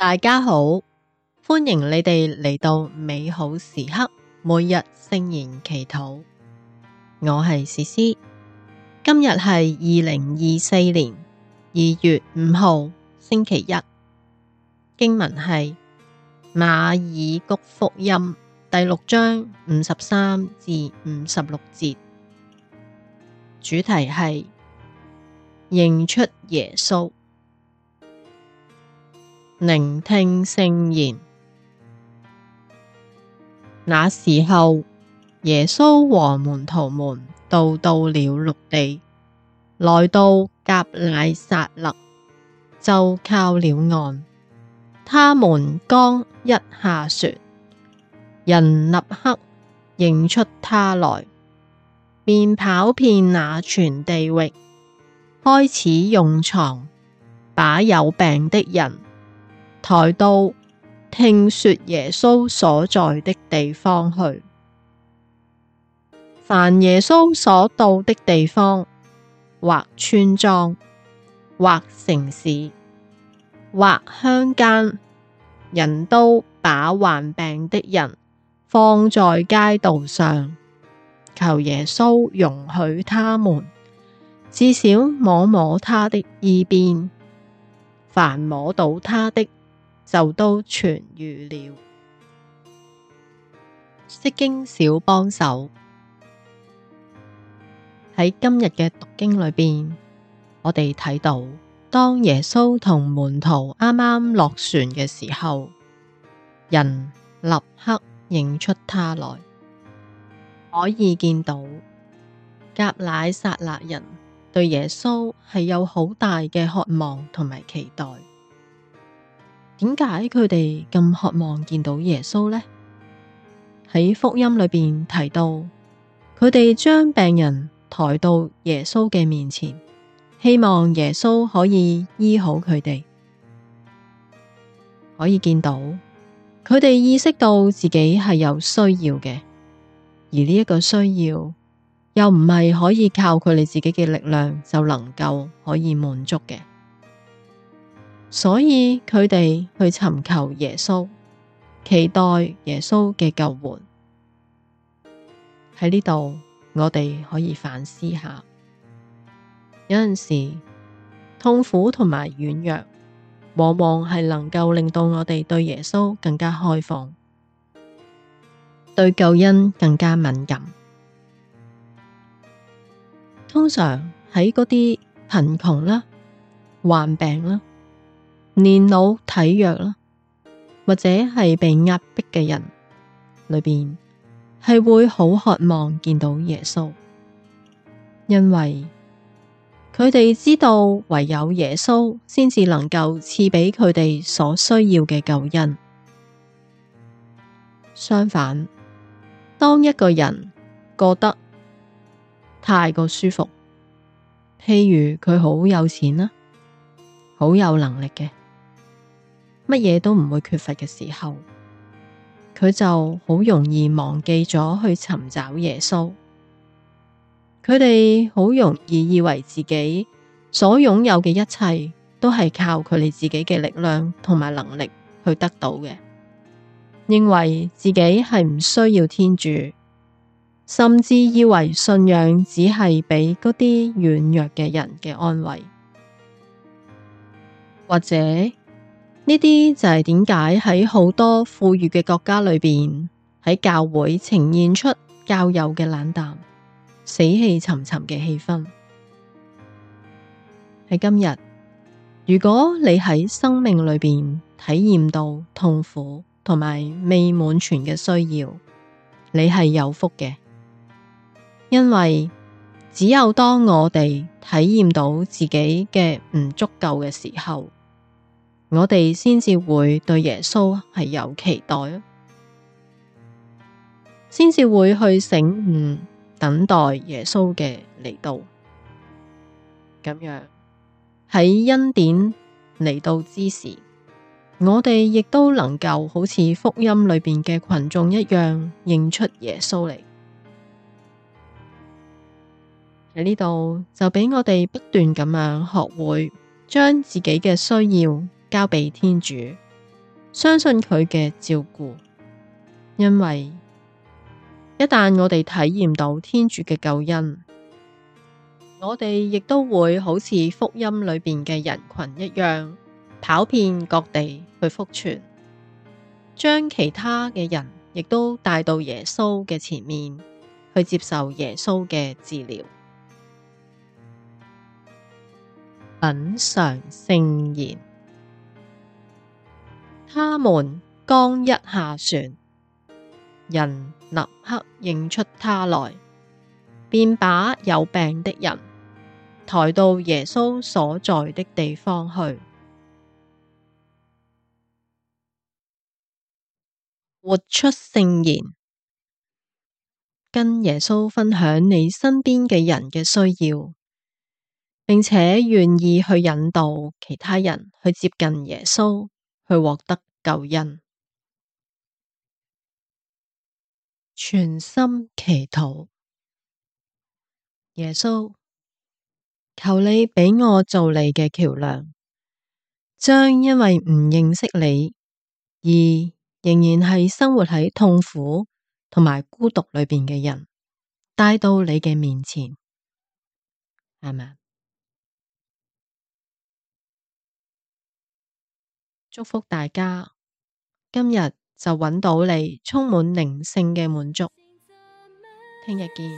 大家好，歡迎你哋嚟到美好時刻，每日聖言祈禱。我係詩詩，今日係二零二四年二月五號星期一，經文係馬爾谷福音第六章五十三至五十六節，主題係認出耶穌。聆聽聖言。那時候，耶穌和門徒們渡到了，了陸地，來到革乃撒勒，就靠了岸。他們剛一下船，人立刻認出他來，便跑遍那全地域，開始用床把有病的人。抬到聽說耶穌所在的地方去。凡耶穌所到的地方，或村莊，或城市，或鄉間，人都把患病的人放在街道上，求耶穌容許他們，至少摸摸他的衣邊。凡摸到他的，就都痊癒了。釋經小幫手，喺今日嘅讀經裏邊，我哋睇到當耶穌同門徒啱啱落船嘅時候，人立刻認出他來，可以見到革乃撒勒人對耶穌係有好大嘅渴望同埋期待。點解佢哋咁渴望見到耶穌呢？喺福音裏邊提到，佢哋將病人抬到耶穌嘅面前，希望耶穌可以醫好佢哋。可以見到，佢哋意識到自己係有需要嘅，而呢一個需要又唔係可以靠佢哋自己嘅力量就能夠可以滿足嘅。所以佢哋去尋求耶穌，期待耶穌嘅救援。喺呢度，我哋可以反思下，有陣時痛苦同埋軟弱，往往係能夠令到我哋對耶穌更加開放，對救恩更加敏感。通常喺嗰啲貧窮啦、患病啦，年老體弱啦，或者係被壓迫嘅人裏面，裏邊係會好渴望見到耶穌，因為佢哋知道唯有耶穌先至能夠賜俾佢哋所需要嘅救恩。相反，當一個人覺得太過舒服，譬如佢好有錢啦，好有能力嘅。乜嘢都唔會缺乏嘅時候，佢就好容易忘記咗去尋找耶穌。佢哋好容易以為自己所擁有嘅一切，都係靠佢哋自己嘅力量同埋能力去得到嘅，認為自己係唔需要天主，甚至以為信仰只係俾嗰啲軟弱嘅人嘅安慰，或者……呢啲就係點解喺好多富裕嘅國家裏邊，喺教會呈現出教友嘅冷淡、死氣沉沉嘅氣氛。喺今日，如果你喺生命裏邊體驗到痛苦同埋未滿全嘅需要，你係有福嘅，因為只有當我哋體驗到自己嘅唔足夠嘅時候。我哋先至會對耶穌係有期待，先至會去醒悟等待耶穌嘅嚟到。咁樣，喺恩典嚟到之時，我哋亦都能夠好似福音裏邊嘅群眾一樣認出耶穌嚟。喺呢度，就俾我哋不斷咁樣學會將自己嘅需要。交俾天主，相信佢嘅照顧，因為一旦我哋體驗到天主嘅救恩，我哋亦都會好似福音裏邊嘅人群一樣，跑遍各地去福傳，將其他嘅人亦都帶到耶穌嘅前面去接受耶穌嘅治療。品嘗聖言。他們剛一下船，人立刻認出他來，便把有病的人抬到耶穌所在的地方去。活出聖言，跟耶穌分享你身邊嘅人嘅需要，並且願意去引導其他人去接近耶穌。去獲得救恩。全心祈禱，耶穌，求你畀我做你嘅橋樑，將因為唔認識你而仍然係生活喺痛苦同埋孤獨裏邊嘅人帶到你嘅面前，係咪？祝福大家，今日就揾到你充滿靈性嘅滿足，聽日見。